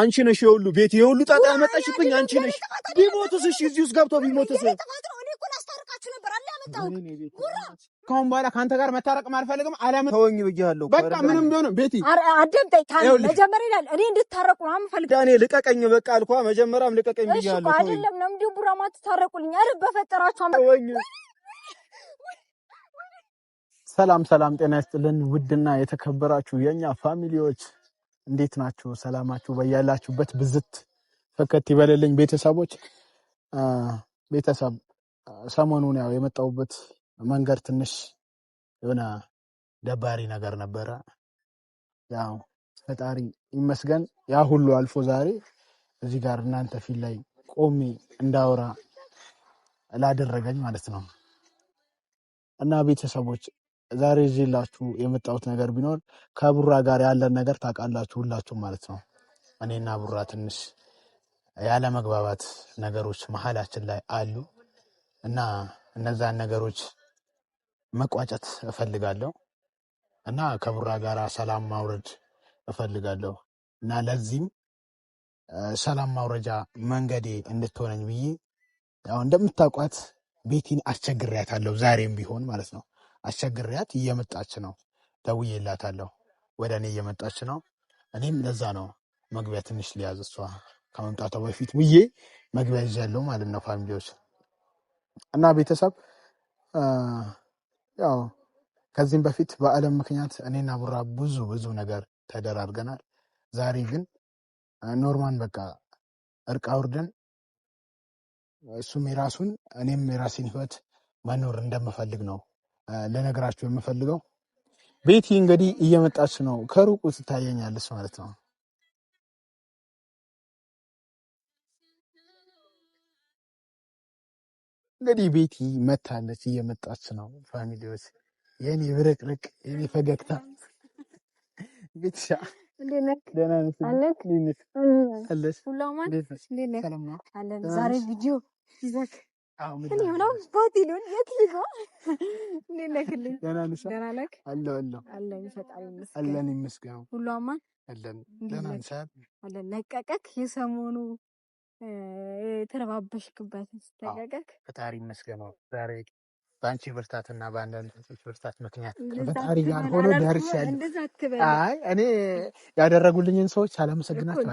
አንቺ ነሽ የሁሉ ቤት የሁሉ ጣጣ ያመጣሽብኝ አንቺ ነሽ። ቢሞትስ? እሺ እዚህ ውስጥ ገብቶ ቢሞትስ? ከአሁን በኋላ ከአንተ ጋር መታረቅ አልፈልግም። አለም ተወኝ ብያለሁ። በቃ ምንም ቢሆንም ቤቲ አደምጠኝ። መጀመሪያ ይላል እኔ እንድታረቁ ነው የምፈልግ። ዳኔ ልቀቀኝ፣ በቃ አልኳ። መጀመሪያም ልቀቀኝ ብያለሁ። አይደለም ነው እንዲሁ ቡራማ ትታረቁልኝ። ኧረ በፈጠራችሁ ተወኝ። ሰላም ሰላም፣ ጤና ይስጥልን ውድና የተከበራችሁ የእኛ ፋሚሊዎች እንዴት ናችሁ? ሰላማችሁ በያላችሁበት ብዝት ፈከት ይበልልኝ ቤተሰቦች። ቤተሰብ ሰሞኑን ያው የመጣሁበት መንገድ ትንሽ የሆነ ደባሪ ነገር ነበረ። ያው ፈጣሪ ይመስገን ያ ሁሉ አልፎ ዛሬ እዚህ ጋር እናንተ ፊት ላይ ቆሜ እንዳወራ ላደረገኝ ማለት ነው እና ቤተሰቦች ዛሬ ይዤላችሁ የመጣሁት ነገር ቢኖር ከቡራ ጋር ያለን ነገር ታውቃላችሁ ሁላችሁ ማለት ነው። እኔና ቡራ ትንሽ ያለመግባባት ነገሮች መሀላችን ላይ አሉ እና እነዛን ነገሮች መቋጨት እፈልጋለሁ እና ከቡራ ጋር ሰላም ማውረድ እፈልጋለሁ እና ለዚህም ሰላም ማውረጃ መንገዴ እንድትሆነኝ ብዬ ያው እንደምታውቋት ቤቲን አስቸግሬያታለሁ ዛሬም ቢሆን ማለት ነው። አስቸግሪያት እየመጣች ነው። ደውዬላታለሁ። ወደ እኔ እየመጣች ነው። እኔም ለዛ ነው መግቢያ ትንሽ ሊያዝ እሷ ከመምጣቷ በፊት ብዬ መግቢያ ይዣለሁ ማለት ነው። ፋሚሊዎች እና ቤተሰብ ያው ከዚህም በፊት በዓለም ምክንያት እኔና ቡራ ብዙ ብዙ ነገር ተደራርገናል። ዛሬ ግን ኖርማን በቃ እርቅ አውርደን እሱም የራሱን እኔም የራሴን ህይወት መኖር እንደምፈልግ ነው ልነግራችሁ የምፈልገው ቤቲ እንግዲህ እየመጣች ነው። ከሩቁ ትታየኛለች ማለት ነው። እንግዲህ ቤቲ መታለች፣ እየመጣች ነው። ፋሚሊዎች፣ የኔ ብርቅርቅ፣ የኔ ፈገግታ ቤትሻ ዛሬ ቪዲዮ ይዘህ ለቀቀክ የሰሞኑ የተረባበሽክበት ፈጣሪ ዛሬ በአንቺ በአንዳንድ ብርታት ምክንያት ፈጣሪ ያልሆነ ደርሻለሁ። አይ እኔ ያደረጉልኝን ሰዎች አላመሰግናቸው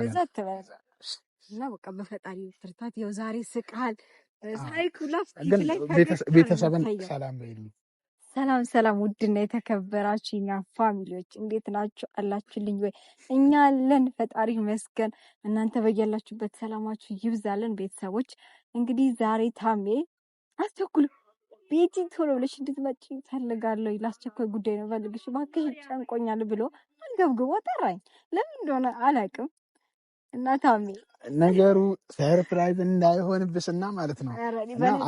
እና በቃ በፈጣሪ ብርታት ያው ዛሬ ስቃል ቤተሰብን ሰላም በይልኝ። ሰላም ሰላም፣ ውድና የተከበራችሁ እኛ ፋሚሊዎች እንዴት ናችሁ? አላችሁልኝ ወይ? እኛ አለን፣ ፈጣሪ መስገን። እናንተ በያላችሁበት ሰላማችሁ ይብዛለን። ቤተሰቦች እንግዲህ ዛሬ ታሜ አስቸኩል ቤቲ ቶሎ ብለሽ እንድትመጪ ይፈልጋለሁ፣ ላስቸኳይ ጉዳይ ነው፣ ፈልግሽ እባክሽ፣ ጨንቆኛል ብሎ አንገብግቦ ጠራኝ። ለምን እንደሆነ አላውቅም። እና ታሚ ነገሩ ሰርፕራይዝ እንዳይሆንብስና ማለት ነው።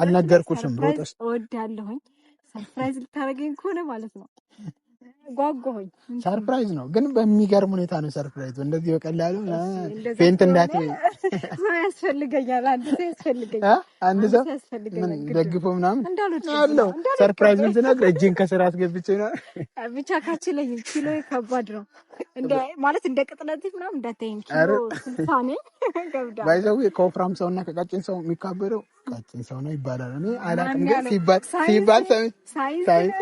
አልነገርኩሽም ሮጠሽ እወዳለሁኝ ሰርፕራይዝ ልታደርገኝ ከሆነ ማለት ነው ጓጓሁኝ። ሰርፕራይዝ ነው ግን በሚገርም ሁኔታ ነው ሰርፕራይዝ። እንደዚህ በቀላሉ ፌንት እንዳት ያስፈልገኛል። አንድ ሰው ያስፈልገኛል። አንድ ሰው ምን ደግፎ ምናምን እንዳለው ሰርፕራይዝን ስነግር እጅን ከስራ አስገብቼ ነው ብቻ ካችለኝ ኪሎ ከባድ ነው ማለት እንደ ቅጥለት ምናምን እንዳታይም ኪሎ ስልሳ ነኝ ባይዘዊ ከወፍራም ሰውና ከቀጭን ሰው የሚካበደው ቀጭን ሰው ነው ይባላል። እኔ አላቅም ግን ሲባል ሲባል ሳይንስ ሳይንስ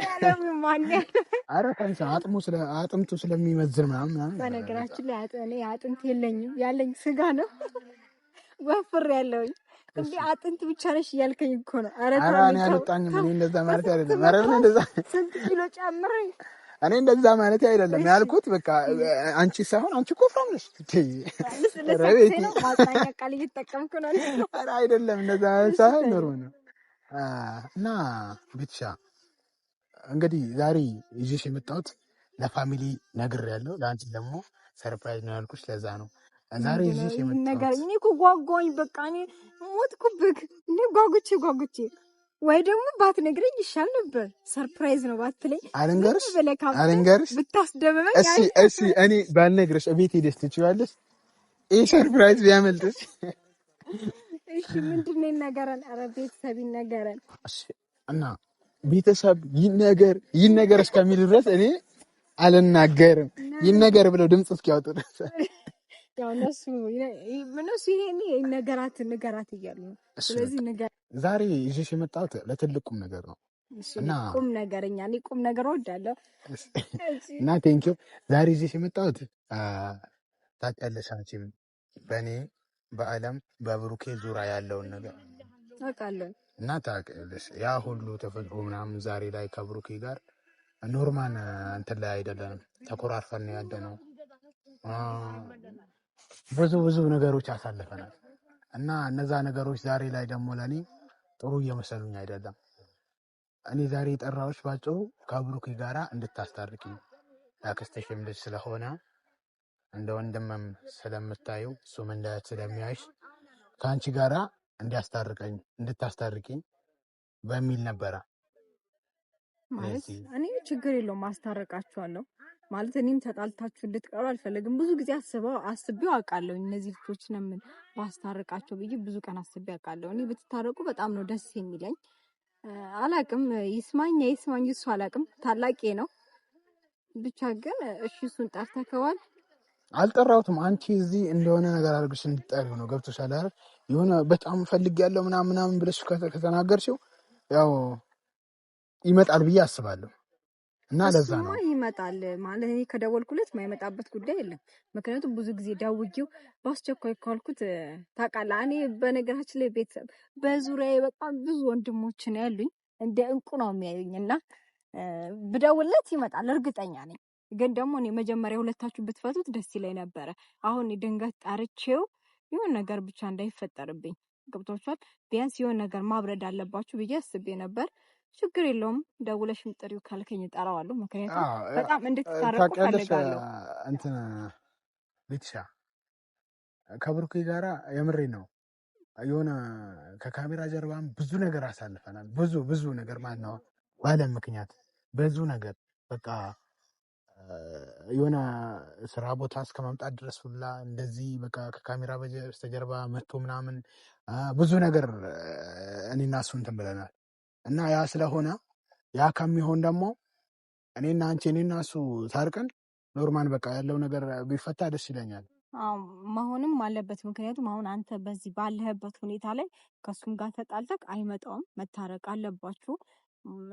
ትንሽ አጥሙ ስለ አጥምቱ ስለሚመዝር ምናምን። በነገራችን ላይ እኔ አጥንት የለኝም ያለኝ ስጋ ነው። ወፍር ያለውኝ እንዲ አጥንት ብቻ ነሽ እያልከኝ እኮ ነው። አረታኔ እኔ አልወጣኝም። እኔ እንደዛ ማለት አይደለም። ኧረ እንደዛ ስንት ኪሎ ጨምረኝ። እኔ እንደዛ ማለት አይደለም ያልኩት። በቃ አንቺ ሳይሆን አንቺ ኮፍራም ነሽ። ቤቲ ቃል እየተጠቀምኩ ነው። ኧረ አይደለም እንደዛ ሳይሆን ኖሮ ነው እና ብቻ እንግዲህ ዛሬ ይዤሽ የመጣሁት ለፋሚሊ ነግር ያለው ለአንቺ ደግሞ ሰርፕራይዝ ነው ያልኩሽ። ለዛ ነው ዛሬ ይዤሽ የመጣሁት ነገር። እኔ እኮ ጓጓኝ፣ በቃ እኔ ሞትኩብህ። እኔ ጓጉቼ ጓጉቼ ወይ ደግሞ ባትነግረኝ ይሻል ነበር። ሰርፕራይዝ ነው ባትለኝ አልንገርሽ አልንገርሽ ብታስደበበኝ። እሺ እሺ፣ እኔ ባልነግርሽ እቤት ሄደሽ ትችያለሽ። ይህ ሰርፕራይዝ ቢያመልጥሽ እሺ። ምንድን ነው ይነገረን? ኧረ ቤተሰብ ይነገረን እና ቤተሰብ ይነገር ይነገር እስከሚል ድረስ እኔ አልናገርም። ይነገር ብለው ድምፅ እስኪያወጡ ድረስ ነገራት ዛሬ ይዤሽ የመጣሁት ለትልቅ ቁም ነገር ነው እና ቁም እኔ ቁም ነገር እወዳለሁ እና ቴንኪ ዛሬ ይዤሽ የመጣሁት ታውቂያለሽ፣ አንቺም በእኔ በአለም በብሩኬ ዙሪያ ያለውን ነገር እና ታውቂያለሽ ያ ሁሉ ተፈጥሮ ምናምን ዛሬ ላይ ከብሩኬ ጋር ኖርማን እንትን ላይ አይደለንም፣ ተኮራርፈን ነው ብዙ ብዙ ነገሮች አሳልፈናል እና እነዛ ነገሮች ዛሬ ላይ ደግሞ ለእኔ ጥሩ እየመሰሉኝ አይደለም። እኔ ዛሬ የጠራዎች ባጭሩ ከብሩኬ ጋራ እንድታስታርቂ ነው። ያክስትሽም ልጅ ስለሆነ እንደ ወንድምም ስለምታዩ እሱም እንደ ስለሚያይሽ ከአንቺ ጋራ እንዲያስታርቀኝ እንድታስታርቂኝ በሚል ነበረ። ማለት እኔ ችግር የለውም አስታርቃችኋለሁ። ማለት እኔም ተጣልታችሁ እንድትቀሩ አልፈለግም። ብዙ ጊዜ አስበው አስቤው አውቃለሁ። እነዚህ ልጆች ነምን ባስታርቃቸው ብዬ ብዙ ቀን አስቤ አውቃለሁ። እኔ ብትታረቁ በጣም ነው ደስ የሚለኝ። አላቅም ይስማኝ ይስማኝ እሱ አላቅም። ታላቄ ነው ብቻ ግን እሺ እሱን ጠርተከዋል አልጠራሁትም። አንቺ እዚህ እንደሆነ ነገር አድርግሽ እንድጠሪው ነው። ገብቶሻል አይደል? የሆነ በጣም ፈልግ ያለው ምናምን ምናምን ብለሽ ከተናገርሽው ያው ይመጣል ብዬ አስባለሁ። እና ለዛ ነው ይመጣል ማለት እኔ ከደወልኩለት የማይመጣበት ጉዳይ የለም። ምክንያቱም ብዙ ጊዜ ደውዬው በአስቸኳይ ካልኩት ታውቃለህ። እኔ በነገራችን ላይ ቤተሰብ በዙሪያ በጣም ብዙ ወንድሞች ነው ያሉኝ፣ እንደ እንቁ ነው የሚያዩኝ እና ብደውልለት ይመጣል እርግጠኛ ነኝ። ግን ደግሞ እኔ መጀመሪያ ሁለታችሁ ብትፈቱት ደስ ይለኝ ነበረ። አሁን ድንገት ጣርቼው ይሁን ነገር ብቻ እንዳይፈጠርብኝ ገብቷችኋል። ቢያንስ የሆን ነገር ማብረድ አለባችሁ ብዬ አስቤ ነበር። ችግር የለውም ደውለሽም ጥሪው ካልከኝ እጠራዋለሁ። ምክንያቱም በጣም እንድትታረቁ ፈልጋለሁ። እንትን ሊትሻ ከብሩኬ ጋራ የምሬ ነው የሆነ ከካሜራ ጀርባም ብዙ ነገር አሳልፈናል። ብዙ ብዙ ነገር ማለት ነው ባለ ምክንያት ብዙ ነገር በቃ የሆነ ስራ ቦታ እስከ ማምጣት ድረስ ሁላ እንደዚህ በቃ ከካሜራ በስተጀርባ መቶ ምናምን ብዙ ነገር እኔና እሱ እንትን ብለናል። እና ያ ስለሆነ ያ ከሚሆን ደግሞ እኔና አንቺ እኔና እሱ ታርቀን ኖርማን በቃ ያለው ነገር ቢፈታ ደስ ይለኛል። መሆንም አለበት። ምክንያቱም አሁን አንተ በዚህ ባለህበት ሁኔታ ላይ ከእሱም ጋር ተጣልተህ አይመጣውም። መታረቅ አለባችሁ።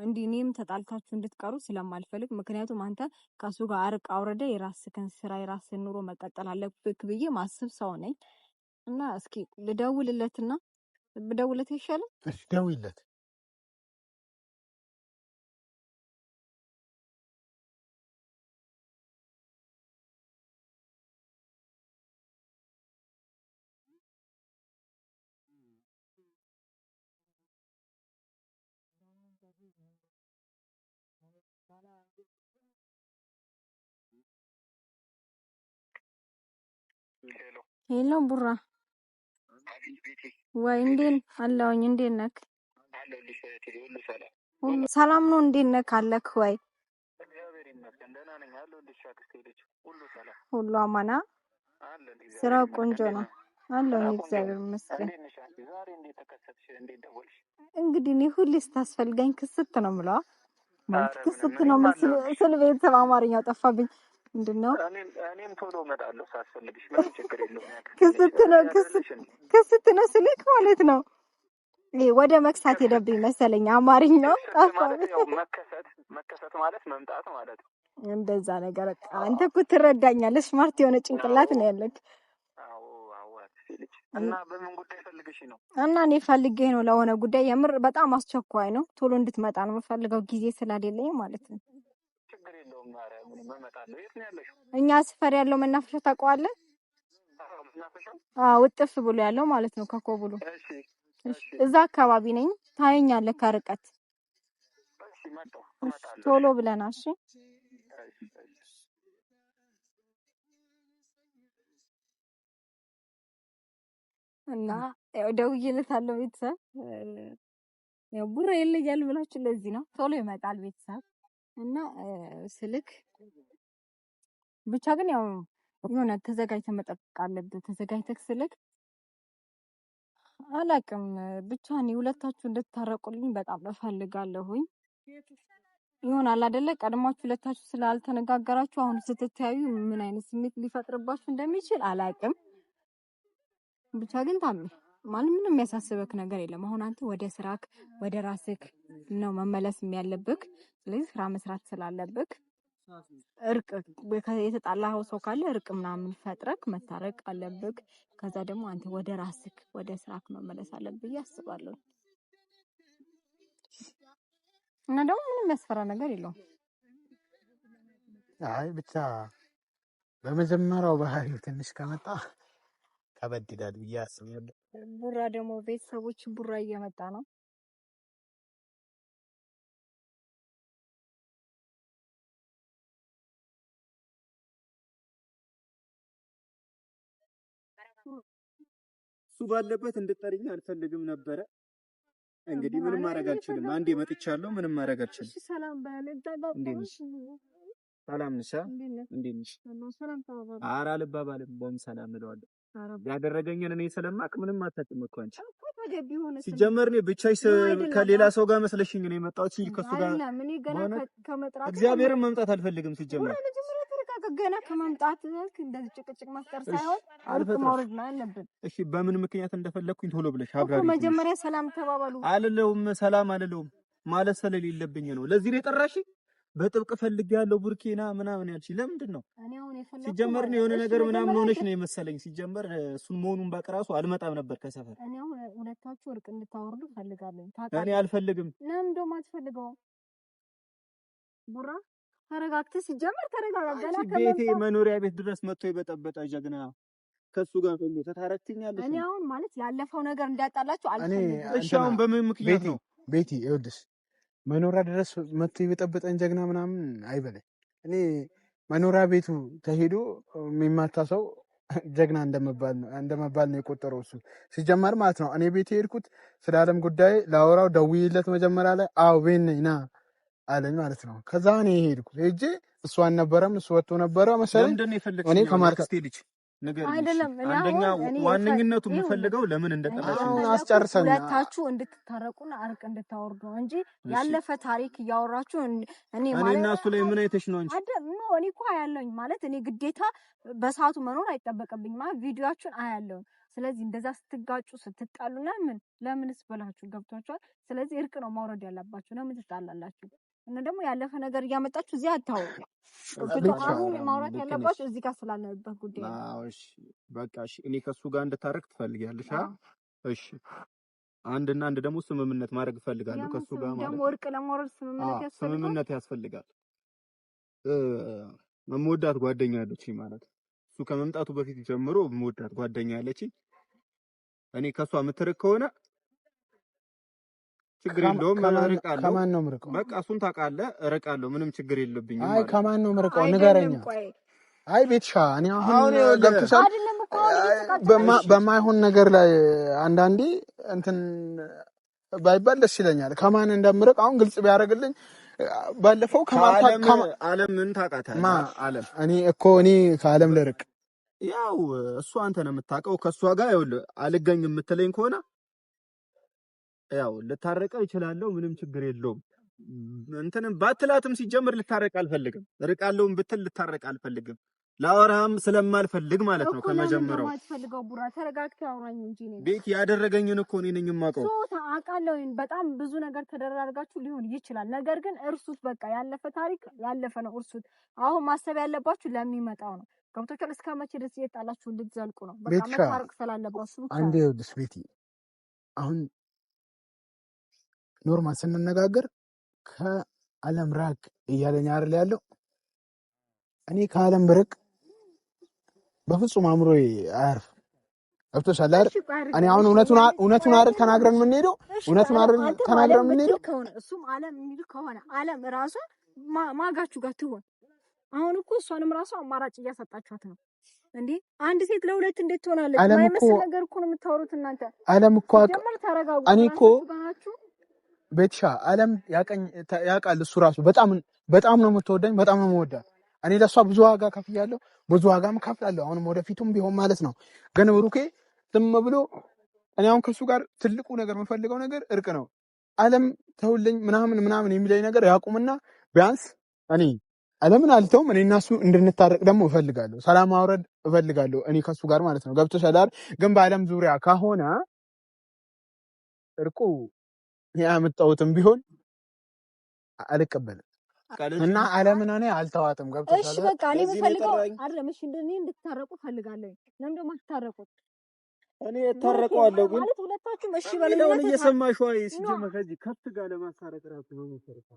እንዲህ እኔም ተጣልታችሁ እንድትቀሩ ስለማልፈልግ፣ ምክንያቱም አንተ ከሱ ጋር አርቅ አውረደ የራስህን ስራ የራስህን ኑሮ መቀጠል አለብህ ብዬ ማስብ ሰው ነኝ እና እስኪ ልደውልለትና ብደውልለት ይሻላል። እሺ ደውይለት። ሄሎ ቡራ ወይ እንዴት አለሁኝ? እንዴት ነክ? ሰላም ነው? እንዴት ነክ አለክ? ወይ ሁሉ አማና ስራው ቆንጆ ነው አለሁኝ። እግዚአብሔር ይመስገን። እንግዲህ እኔ ሁሌ ስታስፈልገኝ ክስት ነው የምለዋ ማለት ክስት ነው ስል ቤተሰብ አማርኛው ጠፋብኝ። ምንድን ነው? እኔም ቶሎ እመጣለሁ ሳስፈልግሽ፣ ምንም ችግር የለውም። ክስት ነው ስልክ ማለት ነው። ወደ መክሳት ሄደብኝ መሰለኝ። አማርኝ ነው መከሰት። መከሰት ማለት መምጣት ማለት ነው። እንደዛ ነገር አንተ እኮ ትረዳኛለህ። ስማርት የሆነ ጭንቅላት ነው ያለክ እና በምን ጉዳይ ፈልግሽ ነው? እና እኔ ፈልጌ ነው ለሆነ ጉዳይ የምር በጣም አስቸኳይ ነው። ቶሎ እንድትመጣ ነው የምፈልገው ጊዜ ስላሌለኝ ማለት ነው። እኛ ስፈር ያለው መናፈሻ ታውቀዋለህ? አዎ፣ ውጥፍ ብሎ ያለው ማለት ነው ከኮብሉ። እዛ አካባቢ ነኝ፣ ታየኛለህ ከርቀት። ቶሎ ብለና እሺ። እና ያው ደውዬለታለሁ ቤተሰብ ያው ቡራ ይለያል ብላችሁ ለዚህ ነው ቶሎ ይመጣል ቤተሰብ እና ስልክ ብቻ ግን ያው የሆነ ተዘጋጅተህ መጠበቅ አለብህ። ተዘጋጅተህ ስልክ አላውቅም ብቻ እኔ ሁለታችሁ እንድታረቁልኝ በጣም እፈልጋለሁኝ። ይሆናል አይደለ? ቀድማችሁ ሁለታችሁ ስላልተነጋገራችሁ አሁን ስትተያዩ ምን አይነት ስሜት ሊፈጥርባችሁ እንደሚችል አላቅም። ብቻ ግን ታሜ ማለት ምንም የሚያሳስበክ ነገር የለም። አሁን አንተ ወደ ስራክ ወደ ራስክ ነው መመለስ የሚያለብክ። ስለዚህ ስራ መስራት ስላለብክ እርቅ የተጣላኸው ሰው ካለ እርቅ ምናምን ፈጥረክ መታረቅ አለብክ። ከዛ ደግሞ አንተ ወደ ራስክ ወደ ስራክ መመለስ አለብ ብዬ አስባለሁ። እና ደግሞ ምንም ያስፈራ ነገር የለውም። አይ ብቻ በመጀመሪያው ባህሪው ትንሽ ከመጣ ከበድ ይላል ብዬ አስባለሁ። ቡራ ደግሞ ቤተሰቦች ቡራ እየመጣ ነው ባለበት እንድጠሪኝ አልፈልግም ነበረ። እንግዲህ ምንም ማድረግ አልችልም። አንዴ መጥቻለሁ። ምንም ማድረግ አልችልም። ሰላም ሰላም እለዋለሁ። ያደረገኝን እኔ ስለማቅ ምንም አታጥም እኮ አንቺ። ሲጀመር እኔ ብቻሽ ከሌላ ሰው ጋር መስለሽኝ ነው የመጣሁት። ከሱ ጋር እግዚአብሔርን መምጣት አልፈልግም ሲጀመር ገና ከመምጣት እንደዚህ ጭቅጭቅ መፍጠር ሳይሆን አልፈ ማውረድ አለብን። እሺ፣ በምን ምክንያት እንደፈለግኩኝ ቶሎ ብለሽ አብራሪ። መጀመሪያ ሰላም ተባባሉ። አልለውም፣ ሰላም አልለውም ማለት ስለሌለብኝ ነው። ለዚህ ነው የጠራሽ። በጥብቅ ያለው ቡርኪና ምናምን ያልሽ ለምንድን ነው? ሲጀመር ነው የሆነ ነገር ምናምን ሆነሽ ነው የመሰለኝ። ሲጀመር እሱን መሆኑን ባቅ ራሱ አልመጣም ነበር ከሰፈር። እኔ ሁለታችሁ እርቅ እንድታወርዱ ፈልጋለሁ። እኔ አልፈልግም። ለምን እንደውም አትፈልገውም ቡራ ተረጋግተ ሲጀመር ተረጋጋ። ቤቴ መኖሪያ ቤት ድረስ መጥቶ የበጠበጠ ጀግና ከሱ ጋር ሁሉ ተታረክትኛለሽ። እኔ አሁን ማለት ያለፈው ነገር እንዳጣላችሁ አልፈልግም። እሺ አሁን በምን ምክንያት ነው ቤቲ? ይኸውልሽ መኖሪያ ድረስ መጥቶ የበጠበጠን ጀግና ምናምን አይበለኝ። እኔ መኖሪያ ቤቱ ተሄዶ የሚማታ ሰው ጀግና እንደመባል ነው እንደመባል ነው የቆጠረው እሱ ሲጀመር ማለት ነው። እኔ ቤት የሄድኩት ስለ አለም ጉዳይ ላወራው ደውዬለት መጀመሪያ ላይ አዎ ቤት ነኝ ና አለኝ ማለት ነው። ከዛ እኔ ሄድኩ ሄጄ እሱ አልነበረም እሱ ወጥቶ ነበረ መሰለኝ። እኔ አንደኛ ዋነኝነቱ የምፈልገው ለምን እንደጠላሽ አስጨርሰን ሁለታችሁ እንድትታረቁና እርቅ እንድታወርዱ እንጂ ያለፈ ታሪክ እያወራችሁ እኔ ማለት እና እሱ ላይ ምን አይተሽ ነው እንጂ አይደል ነው። እኔ እኮ አያለሁኝ ማለት እኔ ግዴታ በሰዓቱ መኖር አይጠበቅብኝ ማለት ቪዲዮአችሁን አያለሁኝ። ስለዚህ እንደዛ ስትጋጩ ስትጣሉ ለምን ለምንስ ብላችሁ ገብቷችኋል። ስለዚህ እርቅ ነው ማውረድ ያለባችሁ። ለምን ትጣላላችሁ? እና ደግሞ ያለፈ ነገር እያመጣችሁ እዚህ አታው አሁን ማውራት ያለባችሁ እዚህ ጋር ስላለበት ጉዳይ ነው። በቃ እኔ ከሱ ጋር እንድታረቅ ትፈልጊያለሽ? እሺ አንድ እና አንድ ደግሞ ስምምነት ማድረግ እፈልጋለሁ ከሱ ጋር ማለት ነው። ወርቅ ለማውረድ ስምምነት ስምምነት ያስፈልጋል። የምወዳት ጓደኛ ያለች ማለት እሱ ከመምጣቱ በፊት ጀምሮ የምወዳት ጓደኛ ያለች እኔ ከሷ የምትርቅ ከሆነ ችግር የለውም። ከማን ነው ምርቀው? በቃ እሱን ታውቃለህ። እርቃለሁ፣ ምንም ችግር የለብኝም። አይ ከማን ነው ምርቀው? ንገረኛ። አይ ቤትሻ፣ እኔ አሁን ገብተሻል። በማይሆን ነገር ላይ አንዳንዴ እንትን ባይባል ደስ ይለኛል። ከማን እንደምርቅ አሁን ግልጽ ቢያደርግልኝ። ባለፈው ከዓለም ምን ታውቃታለህ? ዓለም እኔ እኮ እኔ ከዓለም ልርቅ ያው እሱ አንተ ነው የምታውቀው። ከእሷ ጋር ይኸውልህ አልገኝ የምትለኝ ከሆነ ያው ልታረቀው ይችላለሁ፣ ምንም ችግር የለውም። እንትንም ባትላትም ሲጀምር ልታረቅ አልፈልግም፣ ርቃለሁም ብትል ልታረቅ አልፈልግም። ለአወራህም ስለማልፈልግ ማለት ነው። ከመጀመሪያው ማትፈልገው ቡራ ተረጋግተህ አውራኝ እንጂ ቤት ያደረገኝን እኮ እኔ ነኝ የማውቀው። ሶታ አውቃለሁኝ። በጣም ብዙ ነገር ተደራርጋችሁ ሊሆን ይችላል። ነገር ግን እርሱት፣ በቃ ያለፈ ታሪክ ያለፈ ነው። እርሱት። አሁን ማሰብ ያለባችሁ ለሚመጣው ነው። ገብቶቻል። እስከ መቼ ድረስ እየጣላችሁ ልትዘልቁ ነው? በቃ መታረቅ ስላለባችሁ አንዴ። ይኸውልሽ ቤቲ አሁን ኖርማል ስንነጋገር ከዓለም ራቅ እያለኝ አርል ያለው። እኔ ከዓለም ብርቅ በፍጹም አእምሮዬ አያርፍ ገብቶሻል አይደል? እኔ አሁን እውነቱን አይደል ተናግረን የምንሄደው እውነቱን አይደል ተናግረን የምንሄደው። እሱም ዓለም የሚል ከሆነ ዓለም ራሷ ማጋችሁ ጋር ትሆን። አሁን እኮ እሷንም ራሷ አማራጭ እያሰጣችኋት ነው እንዴ? አንድ ሴት ለሁለት እንዴት ትሆናለች? ማይመስል ነገር እኮ ነው የምታወሩት እናንተ። ዓለም እኮ እኔ እኮ ቤትሻ አለም ያውቃል። እሱ ራሱ በጣም ነው የምትወደኝ፣ በጣም ነው የምወዳት። እኔ ለእሷ ብዙ ዋጋ ከፍያለሁ፣ ብዙ ዋጋም ከፍላለሁ። አሁንም ወደፊቱም ቢሆን ማለት ነው። ግን ብሩኬ ዝም ብሎ እኔ አሁን ከእሱ ጋር ትልቁ ነገር የምፈልገው ነገር እርቅ ነው። አለም ተውልኝ ምናምን ምናምን የሚለኝ ነገር ያቁምና ቢያንስ እኔ አለምን አልተውም። እኔ እናሱ እንድንታረቅ ደግሞ እፈልጋለሁ፣ ሰላም ማውረድ እፈልጋለሁ። እኔ ከእሱ ጋር ማለት ነው። ገብቶሻል አይደል? ግን በአለም ዙሪያ ከሆነ እርቁ ያመጣሁትም ቢሆን አልቀበልም እና ዓለምን እኔ አልተዋጥም። ገብቶሻል? እሺ በቃ እኔ የምፈልገው አይደለም። እሺ እንደኔ እንድትታረቁ ፈልጋለሁ። ለምን ደግሞ አትታረቁም? እኔ እታረቀዋለሁ፣ ግን ማለት ሁለታችሁም እሺ በለኝ። እየሰማሽ ወይ? ከብት ጋር ለማስታረቅ ራሱ ነው የሚሰራው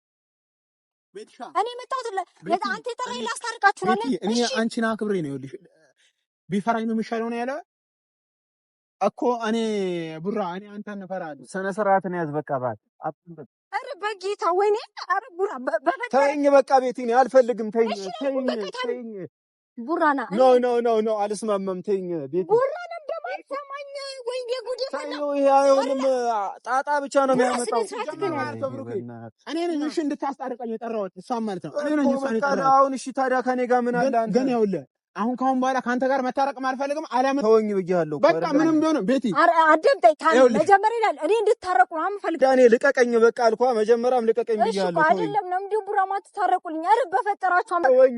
እኔ መጣሁት አንተ የጠራኝ ላስታርቃችሁ ነው። እኔ አንቺን አክብሬ ነው። ይኸውልሽ ቢፈራኝ ነው የሚሻለው ነው ያለ እኮ እኔ ቡራ፣ እኔ አንተ እፈራለሁ። ስነ ነው ያዝ። በቃ ባት አረ በጌታ ወይኔ! አረ ቡራ፣ በፈጠረ ተይኝ። በቃ ነው አልፈልግም። ተይኝ፣ ተይኝ፣ ተይኝ ቡራና። ኖ ኖ ኖ ኖ፣ አልስማማም። ተይኝ ቤቴ ቡራ ይኸውልም ጣጣ ብቻ ነው የሚያመጣው። እሺ እንድታስጣርቀኝ የጠራሁት እሷን ማለት ነው። አሁን እሺ ታዲያ ከኔ ጋር ምን አለ ግን ይኸውልህ አሁን ካሁን በኋላ ከአንተ ጋር መታረቅም አልፈልግም። አለም ተወኝ ብያለሁ። በቃ ምንም ቢሆን ቤቲ አደምጠኝ። መጀመሪያ ይላል እኔ እንድታረቁ ነው የምፈልገው። ዳኔ ልቀቀኝ፣ በቃ አልኳ። መጀመሪያም ልቀቀኝ ብያለሁ። አይደለም ነው እንዲሁ ቡራማ ትታረቁልኝ። ኧረ በፈጠራችሁ ተወኝ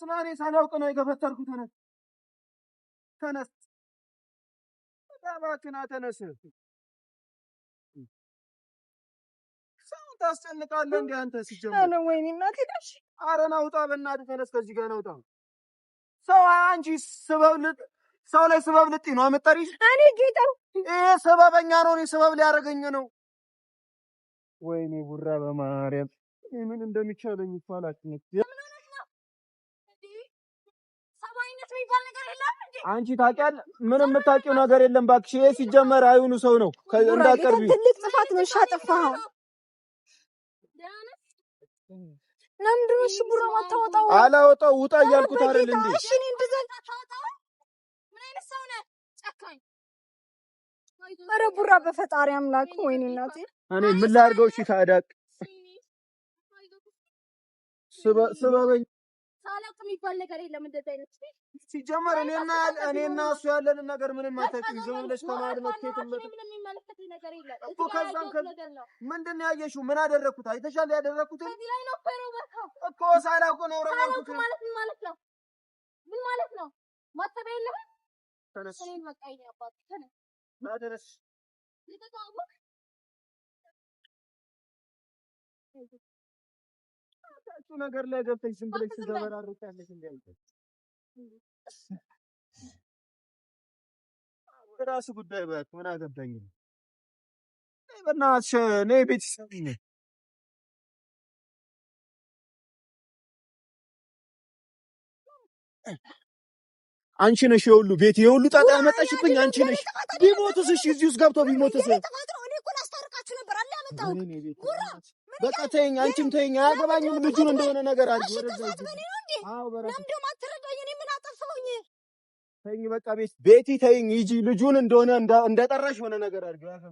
ስለ እኔ ሳላውቅ ነው የገፈተርኩ። ተነስ ተነስ፣ እባክህን ተነስ። ሰው ታስጨንቃለህ። እንዴ አንተ ሲጀምር ወይኔ እናቴ ዳሽ አረና ውጣ፣ በእናትህ ተነስ፣ ከዚህ ጋር ነው ሰው አንቺ ስበብልጥ ሰው ላይ ስበብ ልጤ ነው አመጣሪ። እኔ ጌጠው ይሄ ሰበበኛ ነው፣ እኔ ሰበብ ሊያደርገኝ ነው። ወይኔ ቡራ በማርያም ምን እንደሚቻለኝ እኮ አንቺ ታውቂያለሽ። ምንም የምታውቂው ነገር የለም ባክሽ። ይሄ ሲጀመር አይሁኑ ሰው ነው እንዳቀርቢ ትልቅ ጥፋት ነው። ሻጠፋው ለምንድን ነው? እሺ ቡራ ማታወጣው? አላወጣው ውጣ እያልኩት አይደል እንዴ? እሺ እኔ ኧረ ቡራ በፈጣሪ አምላክ ወይኔ እናቴ፣ እኔ ምን ላድርገው? እሺ ታዳቅ ስበበኝ ሳላውቅ የሚባል ነገር የለም። እንደዚህ አይነት ሲጀመር እኔና እኔና እሱ ያለንን ነገር ምንም አታውቂም። ዝም ብለሽ ተማሪ መጥተሽ ምንም የሚመለከት ነገር የለም እኮ ከዛም ምንድን ነው ያየሽው? ምን አደረኩት? አይተሻል? ያደረኩት እዚህ ላይ ነው ፈሮ እኮ ሳላውቅ ነው ረማኩት ማለት ምን ማለት ነው? ምን ማለት ነው? ማሰብ የለም ተነስ፣ እኔን በቃ ይሄ አባት ተነስ፣ ተነስ ልቀቀው ከንቱ ነገር ላይ ገብተሽ ዝም ብለሽ ትዘበራርቂያለሽ። ራስ ጉዳይ በያት። ምን አገባኝ? በእናትሽ እኔ ቤተሰብ ነኝ። አንቺ ነሽ የሁሉ ቤት የሁሉ ጣጣ ያመጣሽብኝ አንቺ ነሽ። ቢሞትስ? እሺ እዚህ ውስጥ ገብቶ ቢሞትስ? እኔ ነበር አለ በቃ ተይኝ፣ አንቺም ተይኝ። አያገባኝም ልጁን እንደሆነ ነገር አድርጊ። በቃ ቤት ቤቲ ተይኝ፣ ሂጂ። ልጁን እንደሆነ እንደጠራሽ የሆነ ነገር አድርጊ።